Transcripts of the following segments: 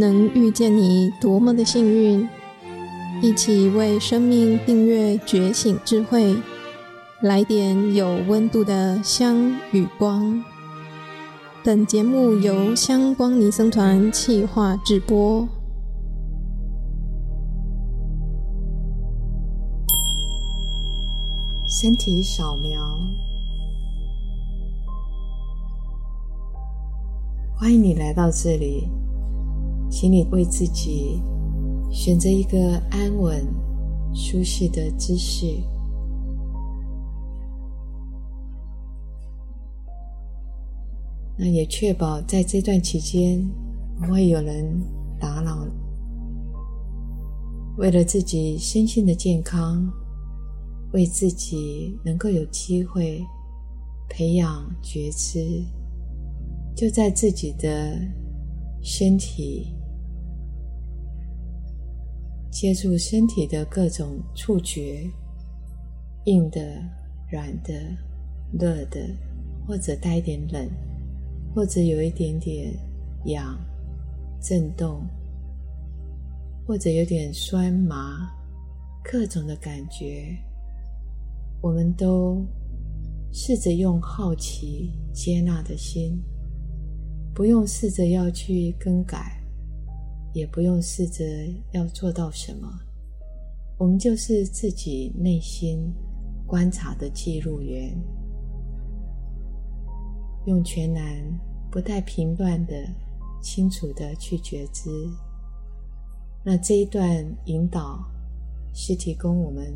能遇見你，多麼的幸運！一起為生命訂閱覺醒智慧，來點有溫度的香與光。本節目由香光尼僧團企劃製播。身體掃描，歡迎你來到這裡。請你為自己選擇一個安穩、舒適的姿勢，那也確保在這段期間不會有人打擾。為了自己身心的健康，為自己能夠有機會培養覺知，就在自己的身體。接觸身體的各種觸覺，硬的、軟的、熱的，或者帶一點冷，或者有一點點癢、震動，或者有點酸麻，各種的感覺，我們都試着用好奇接納的心，不用試着要去更改。也不用試着要做到什麼，我們就是自己內心觀察的記錄員，用全然、不帶評斷的、清楚的去覺知。那這一段引導是提供我們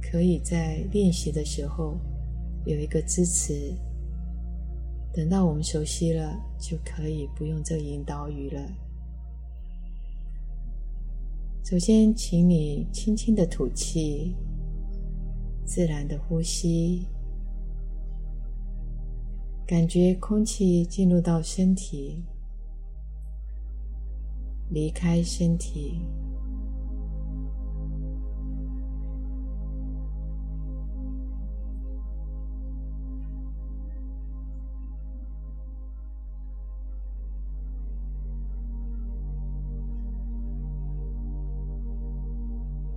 可以在練習的時候有一個支持，等到我們熟悉了，就可以不用這引導語了。首先，請你輕輕的吐氣，自然的呼吸，感覺空氣進入到身體，離開身體。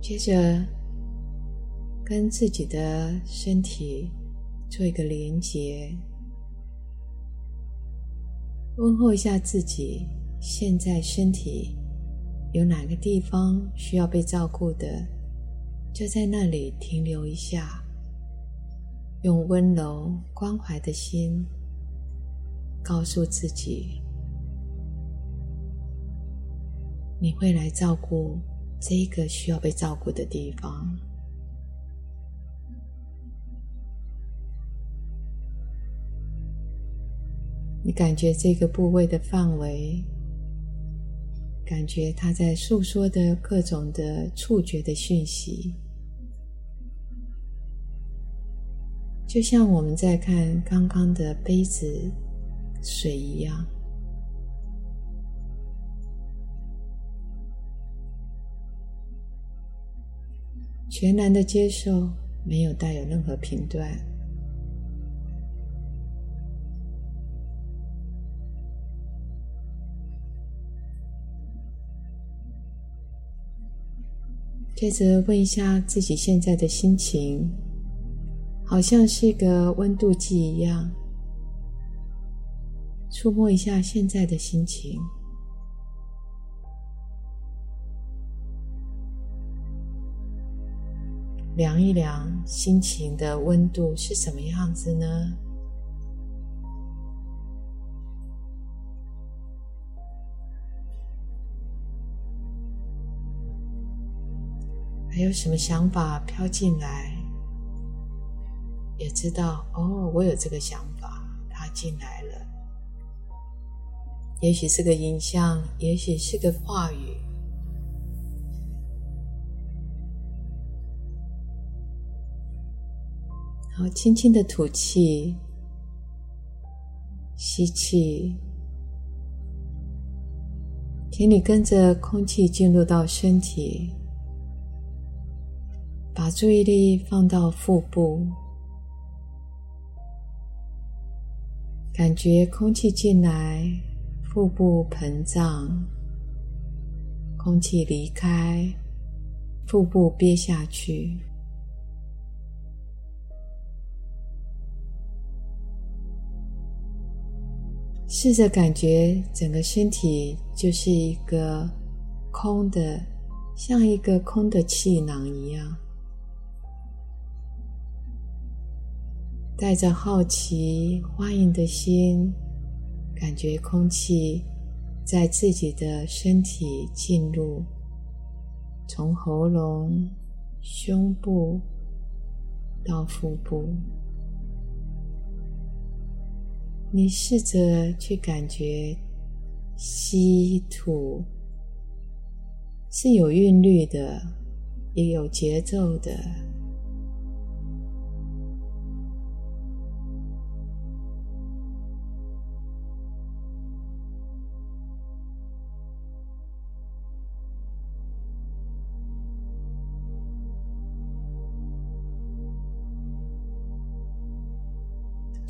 接着，跟自己的身體做一個連接，問候一下自己。現在身體有哪個地方需要被照顧的，就在那裡停留一下，用溫柔關懷的心，告訴自己：“你會來照顧。”這個需要被照顧的地方，你感覺這個部位的範圍，感覺它在訴說的各種的觸覺的訊息，就像我們在看剛剛的杯子水一樣。全然的接受，沒有帶有任何評斷。接着問一下自己現在的心情，好像是一個溫度計一樣，觸摸一下現在的心情。量一量心情的溫度是什麼樣子呢？還有什麼想法飄進來？也知道哦，我有這個想法，它進來了。也許是個影像，也許是個話語。好，輕輕的吐氣，吸氣，請你跟着空氣進入到身體，把注意力放到腹部，感覺空氣進來，腹部膨脹；空氣離開，腹部癟下去。試着感覺整個身體就是一個空的，像一個空的氣囊一樣，帶着好奇、歡迎的心，感覺空氣在自己的身體進入，從喉嚨、胸部到腹部。你試着去感覺，吸吐是有韻律的，也有節奏的。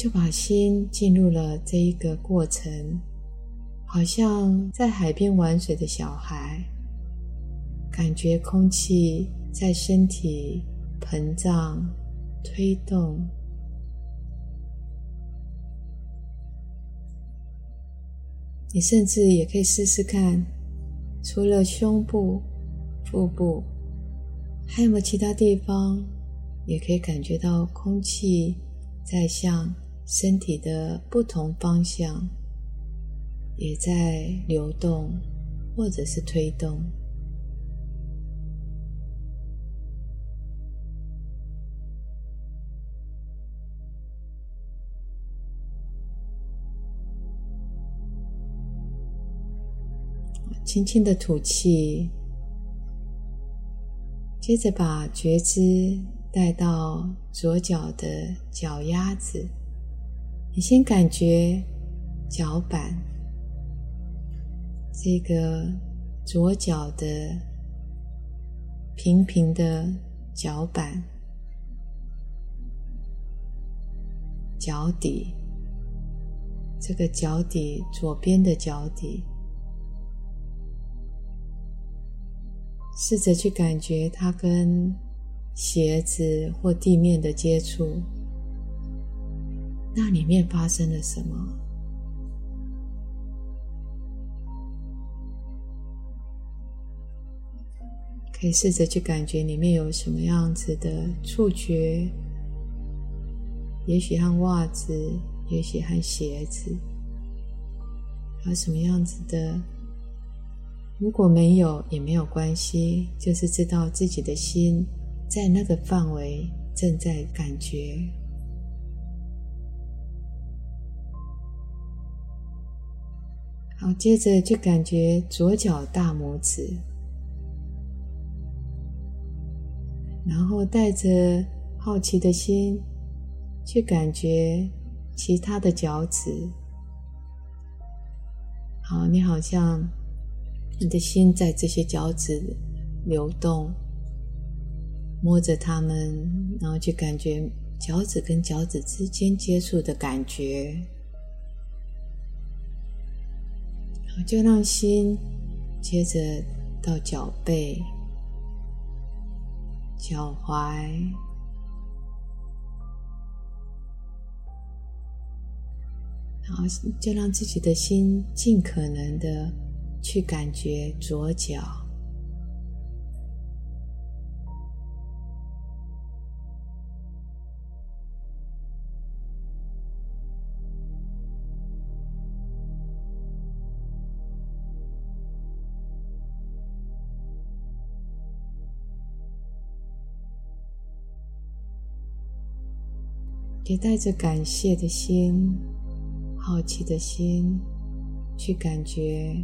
就把心進入了這一個過程，好像在海邊玩水的小孩，感覺空氣在身體膨脹、推動。你甚至也可以試試看，除了胸部、腹部，還有沒有其他地方也可以感覺到空氣在向。身體的不同方向也在流動，或者是推動。輕輕的吐氣，接着把覺知帶到左腳的腳丫子。你先感覺腳板，這個左腳的平平的腳板，腳底，這個腳底，左邊的腳底，試着去感覺它跟鞋子或地面的接觸。那裡面發生了什麼？可以試着去感覺裡面有什麼樣子的觸覺，也許和襪子，也許和鞋子，還有什麼樣子的？如果沒有也沒有關係，就是知道自己的心在那個範圍正在感覺。好，接着就感覺左腳大拇指，然後帶着好奇的心，去感覺其他的腳趾。好，你好像你的心在這些腳趾流動，摸着它們，然後就感覺腳趾跟腳趾之間接觸的感覺。就讓心接着到腳背、腳踝，然後就讓自己的心盡可能的去感覺左腳。你帶着感謝的心、好奇的心，去感覺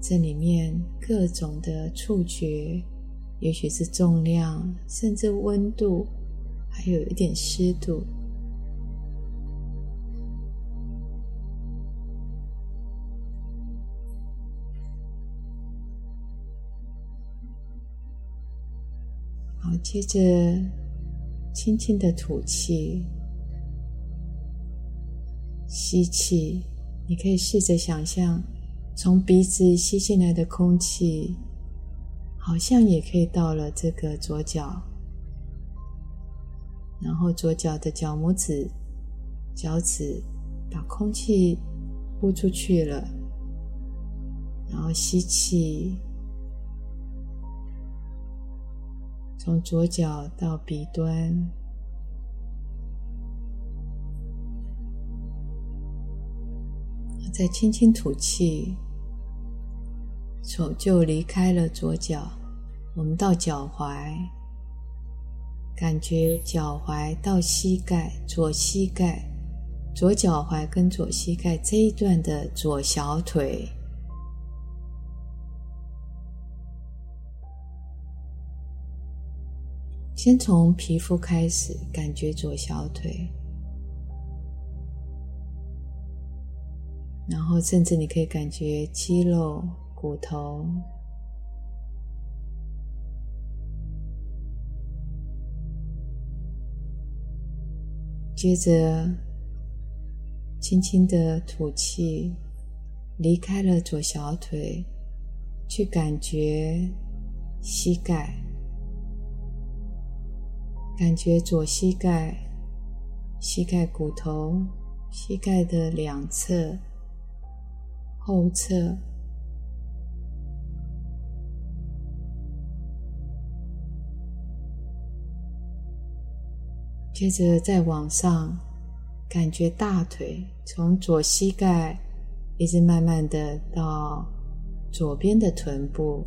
這裡面各種的觸覺，也許是重量，甚至溫度，還有一點濕度。好，接着輕輕的吐氣。吸氣，你可以試着想象，從鼻子吸進來的空氣，好像也可以到了這個左腳，然後左腳的腳拇指、腳趾把空氣呼出去了，然後吸氣，從左腳到鼻端。再輕輕吐氣，手就離開了左腳。我們到腳踝，感覺腳踝到膝蓋，左膝蓋、左腳踝跟左膝蓋這一段的左小腿，先從皮膚開始，感覺左小腿。然後，甚至你可以感覺肌肉、骨頭。接着，輕輕的吐氣，離開了左小腿，去感覺膝蓋，感覺左膝蓋、膝蓋骨頭、膝蓋的兩側。後側，接着再往上，感覺大腿從左膝蓋，一直慢慢的到左邊的臀部，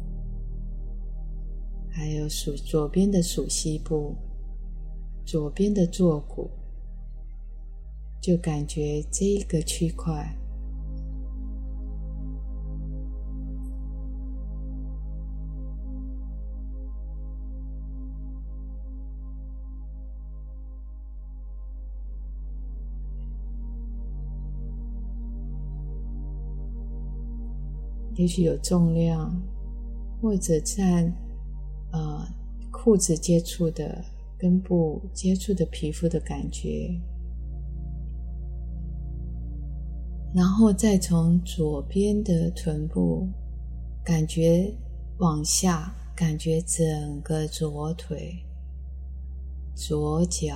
還有鼠，左邊的鼠蹊部，左邊的坐骨，就感覺這一個區塊。必須有重量，或者在呃褲子接觸的根部接觸的皮膚的感覺，然後再從左邊的臀部感覺往下，感覺整個左腿、左腳，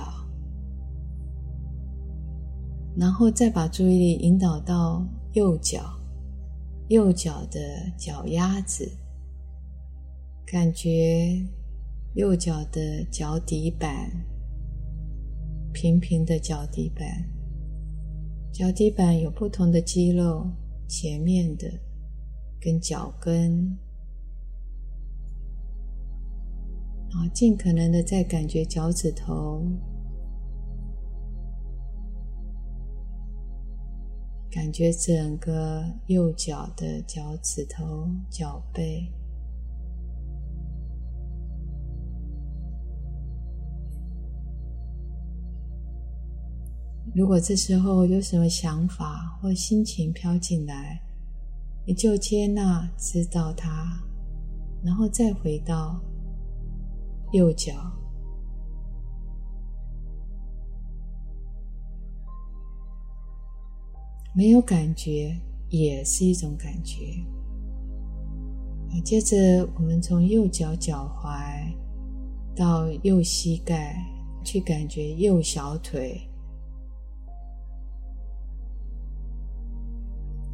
然後再把注意力引導到右腳。右腳的腳丫子，感覺右腳的腳底板，平平的腳底板，腳底板有不同的肌肉，前面的跟腳跟然後，盡可能的再感覺腳趾頭。感覺整個右腳的腳趾頭、腳背。如果這時候有什麼想法，或心情飄進來，你就接納知道它，然後再回到右腳。沒有感覺也是一種感覺。接着，我們從右腳腳踝到右膝蓋，去感覺右小腿、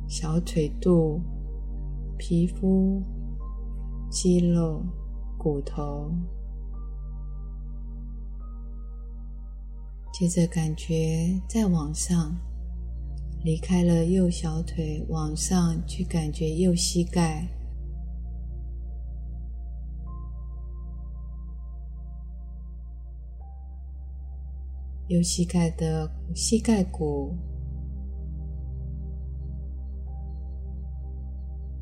小腿肚、皮膚、肌肉、骨頭。接着，感覺再往上。離開了右小腿，往上去感覺右膝蓋，右膝蓋的膝蓋骨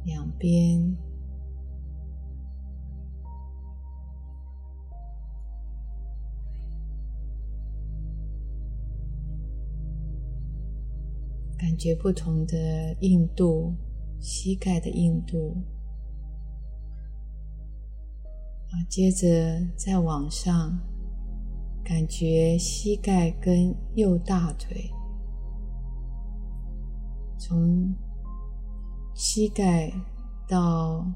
兩邊。感覺不同的硬度，膝蓋的硬度啊，接着再往上，感覺膝蓋跟右大腿，從膝蓋到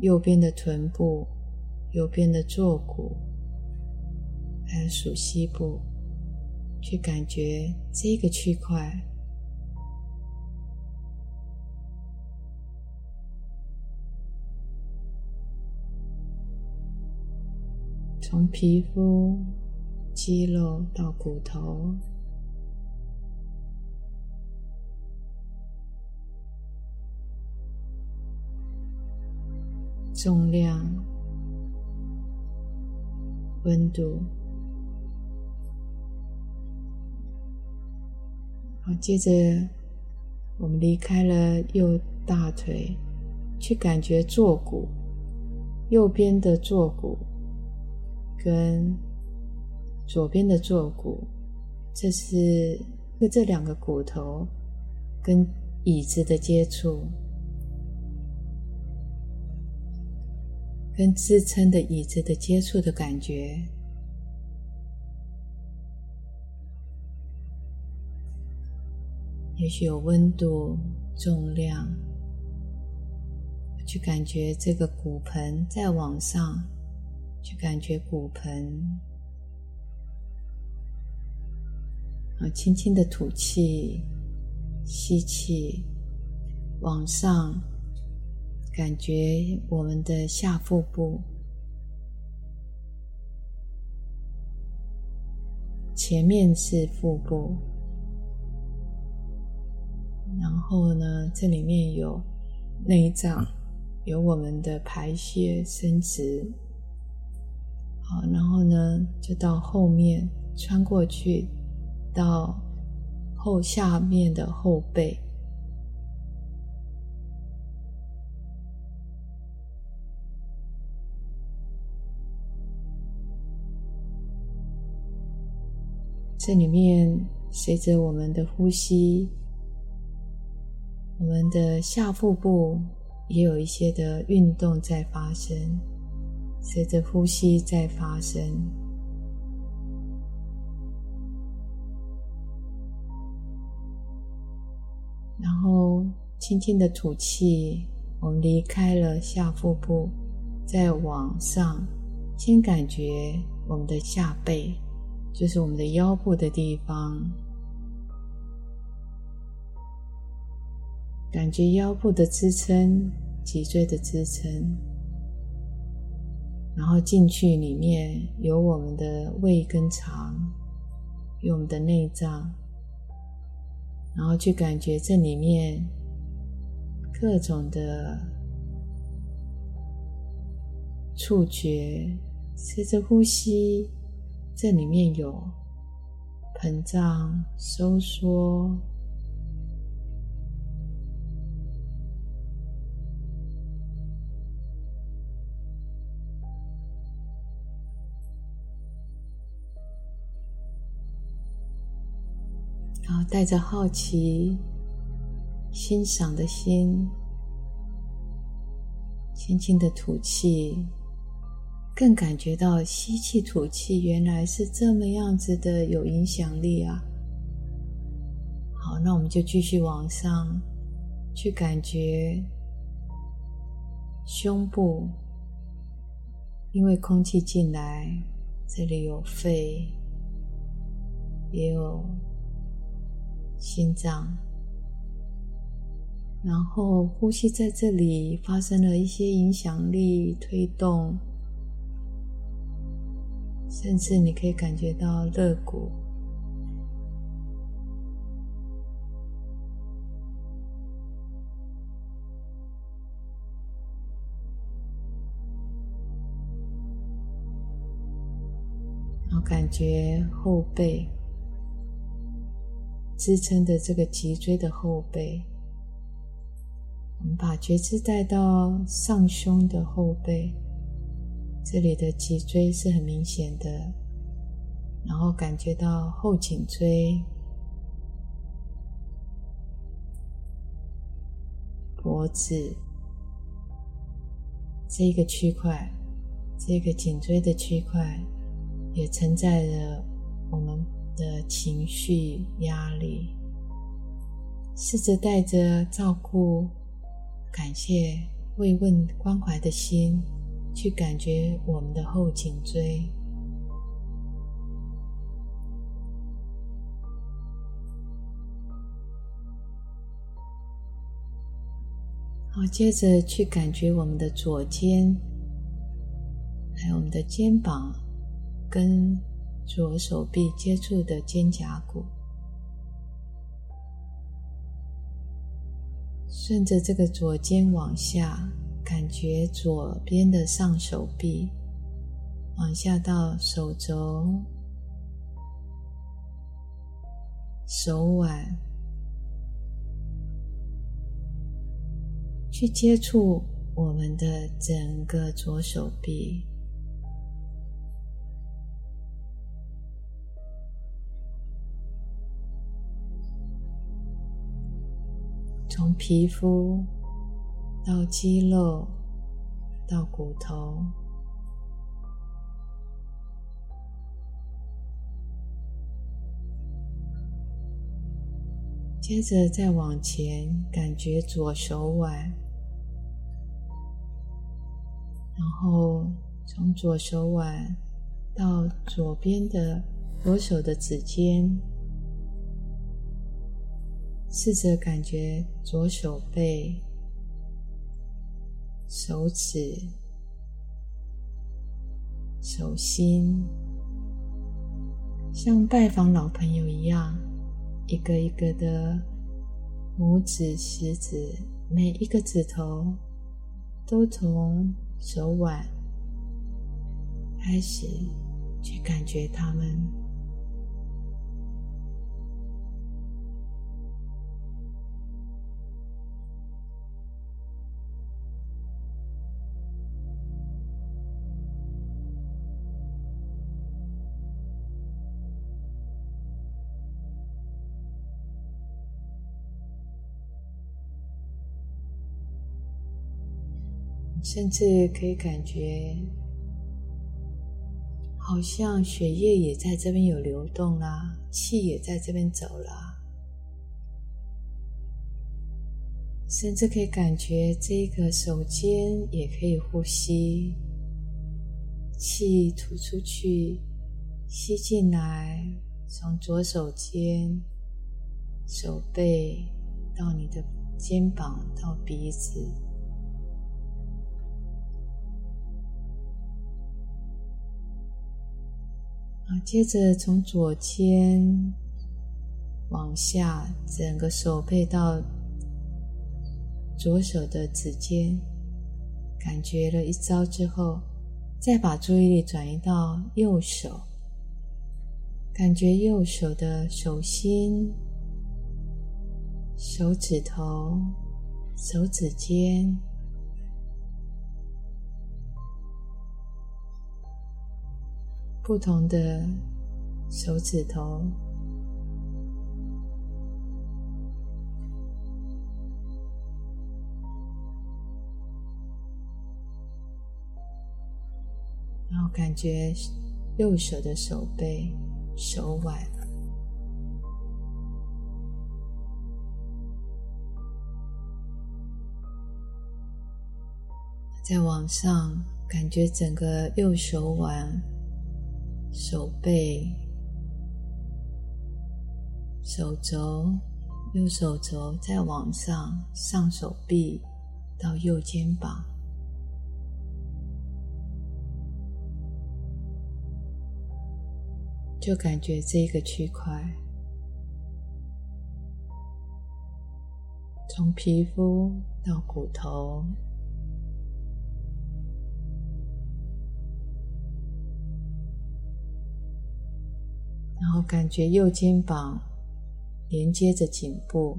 右邊的臀部、右邊的坐骨，還有鼠蹊部，去感覺這個區塊。從皮膚、肌肉到骨頭，重量、溫度。好，接着我們離開了右大腿，去感覺坐骨，右邊的坐骨。跟左邊的坐骨，這是和這兩個骨頭跟椅子的接觸，跟支撐的椅子的接觸的感覺，也許有溫度、重量，去感覺這個骨盆再往上。去感覺骨盆，啊，輕輕的吐氣，吸氣，往上，感覺我們的下腹部，前面是腹部，然後呢，這裡面有內臟，有我們的排泄生殖。好，然後呢，就到後面穿過去，到後下面的後背。這裡面隨着我們的呼吸，我們的下腹部也有一些的運動在發生。隨着呼吸在發生，然後輕輕的吐氣，我們離開了下腹部，再往上，先感覺我們的下背，就是我們的腰部的地方，感覺腰部的支撐，脊椎的支撐。然後進去裡面有我們的胃跟腸，有我們的內臟，然後去感覺這裡面各種的觸覺，隨着呼吸，這裡面有膨脹、收縮。我帶着好奇、欣賞的心，輕輕的吐氣，更感覺到吸氣、吐氣原來是這麼樣子的，有影響力啊！好，那我們就繼續往上，去感覺胸部，因為空氣進來，這裡有肺，也有。心臟，然後呼吸在這裡發生了一些影響力，推動，甚至你可以感覺到肋骨，然後感覺後背。支撐着這個脊椎的後背，我們把覺知帶到上胸的後背，這裡的脊椎是很明顯的，然後感覺到後頸椎、脖子這個區塊，這個頸椎的區塊也承載着我們。的情緒壓力，試着帶着照顧、感謝、慰問、關懷的心去感覺我們的後頸椎。好，接着去感覺我們的左肩，還有我們的肩膀跟，左手臂接觸的肩胛骨，順着這個左肩往下，感覺左邊的上手臂，往下到手肘、手腕，去接觸我們的整個左手臂。從皮膚到肌肉到骨頭，接着再往前，感覺左手腕，然後從左手腕到左邊的左手的指尖。試着感覺左手背、手指、手心，像拜訪老朋友一樣，一個一個的拇指、食指，每一個指頭都從手腕開始去感覺它們。甚至可以感覺，好像血液也在這邊有流動啦，氣也在這邊走啦。甚至可以感覺這個手尖也可以呼吸，氣吐出去，吸進來，從左手尖、手背到你的肩膀到鼻子。接着從左肩往下，整個手背到左手的指尖，感覺了一招之後，再把注意力轉移到右手，感覺右手的手心、手指頭、手指尖。不同的手指頭，然後感覺右手的手背、手腕，再往上，感覺整個右手腕。手背、手肘、右手肘，再往上，上手臂到右肩膀，就感覺這個區塊從皮膚到骨頭。然後感覺右肩膀連接着頸部，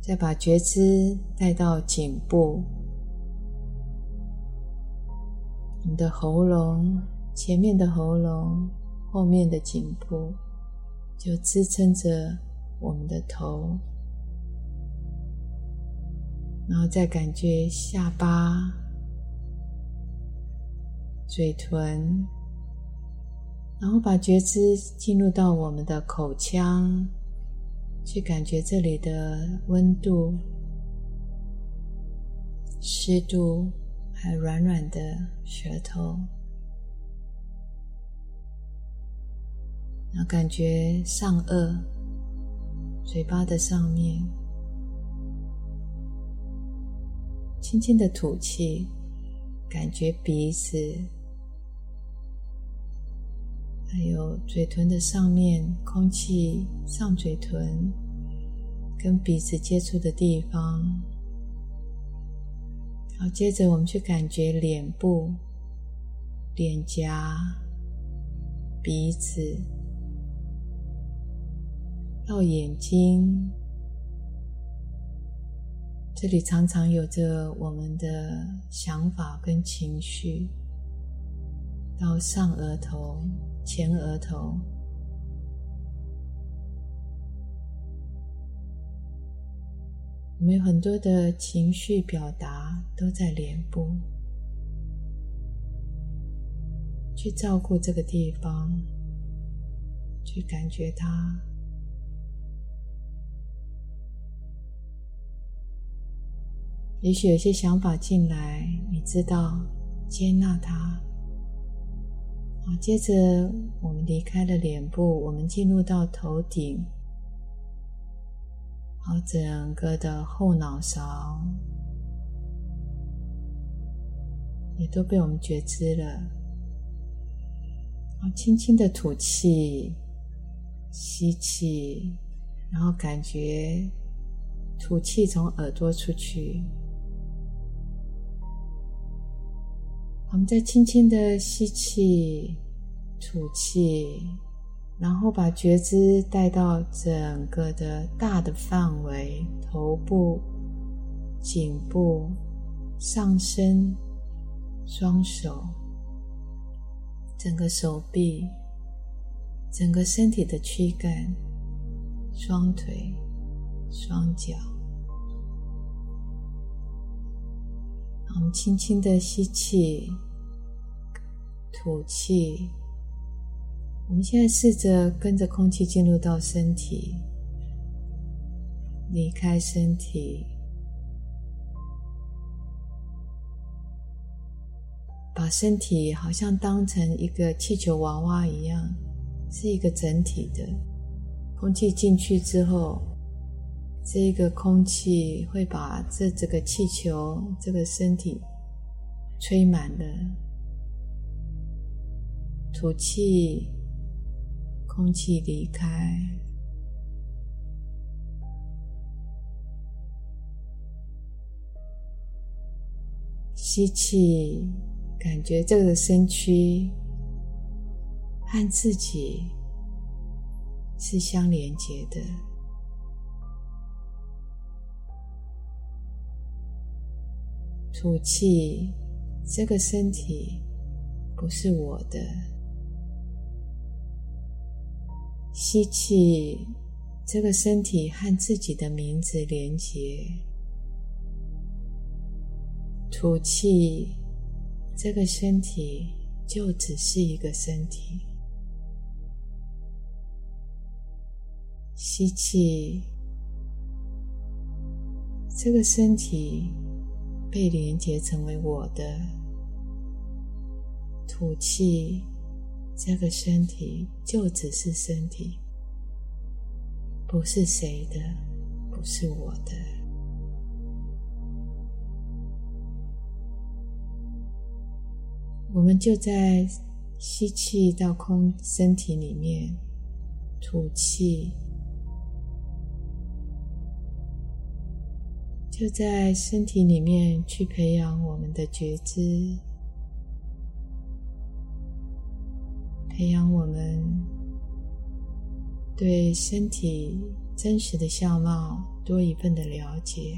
再把覺知帶到頸部，我們的喉嚨、前面的喉嚨，後面的頸部就支撐着我們的頭，然後再感覺下巴、嘴唇。然後把覺知進入到我們的口腔，去感覺這裡的溫度、濕度，還有軟軟的舌頭。然後感覺上顎、嘴巴的上面，輕輕的吐氣，感覺鼻子。還有嘴唇的上面，空氣上嘴唇跟鼻子接觸的地方。好，接着我們去感覺臉部、臉頰、鼻子到眼睛，這裡常常有着我們的想法跟情緒，到上額頭。前額頭，我們有很多的情緒表達都在臉部，去照顧這個地方，去感覺它。也許有些想法進來，你知道，接納它。好，接着我們離開了臉部，我們進入到頭頂，好，整個的後腦勺也都被我們覺知了。好，輕輕的吐氣，吸氣，然後感覺吐氣從耳朵出去。我們再輕輕的吸氣、吐氣，然後把覺知帶到整個的大的範圍，頭部、頸部、上身、雙手、整個手臂、整個身體的軀幹、雙腿、雙腳。我們輕輕的吸氣，吐氣。我們現在試着跟着空氣進入到身體，離開身體，把身體好像當成一個氣球娃娃一樣，是一個整體的。空氣進去之後。這個空氣會把這這個氣球這個身體吹滿了。吐氣，空氣離開。吸氣，感覺這個身軀和自己是相連接的。吐氣，這個身體不是我的。吸氣，這個身體和自己的名字連結。吐氣，這個身體就只是一個身體。吸氣，這個身體。被連接成為我的。吐氣，這個身體就只是身體，不是誰的，不是我的。我們就在吸氣到空身體裡面，吐氣。就在身體裡面去培養我們的覺知，培養我們對身體真實的相貌多一份的了解，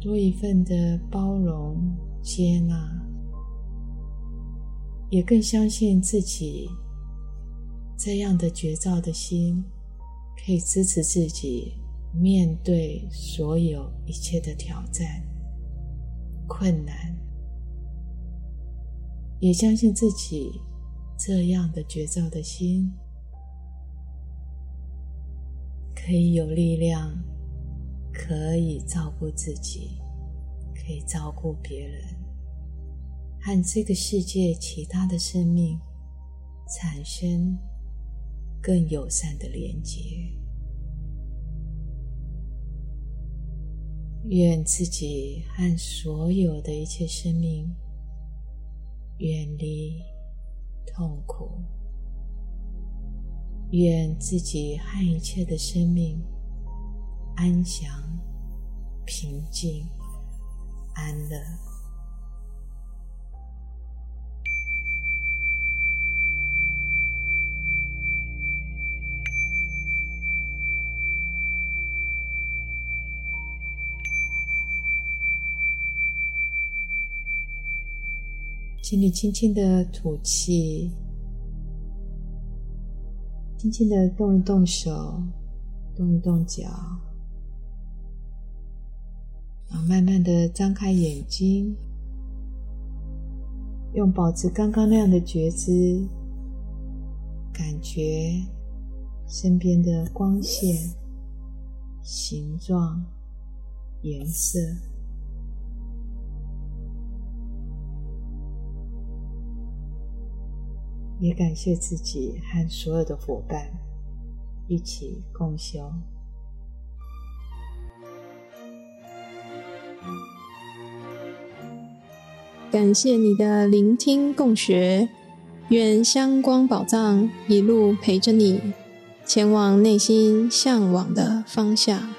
多一份的包容接納，也更相信自己這樣的覺照的心。可以支持自己面對所有一切的挑戰、困難，也相信自己這樣的覺照的心，可以有力量，可以照顧自己，可以照顧別人，和這個世界其他的生命產生。更友善的連接，願自己和所有的一切生命遠離痛苦，願自己和一切的生命安詳、平靜、安樂。請你輕輕的吐氣，輕輕的動一動手，動一動腳，啊，慢慢的張開眼睛，用保持剛剛那樣的覺知，感覺身邊的光線、形狀、顏色。也感謝自己和所有的夥伴一起共修。感謝你的聆聽共學，願香光寶藏一路陪着你，前往內心向往的方向。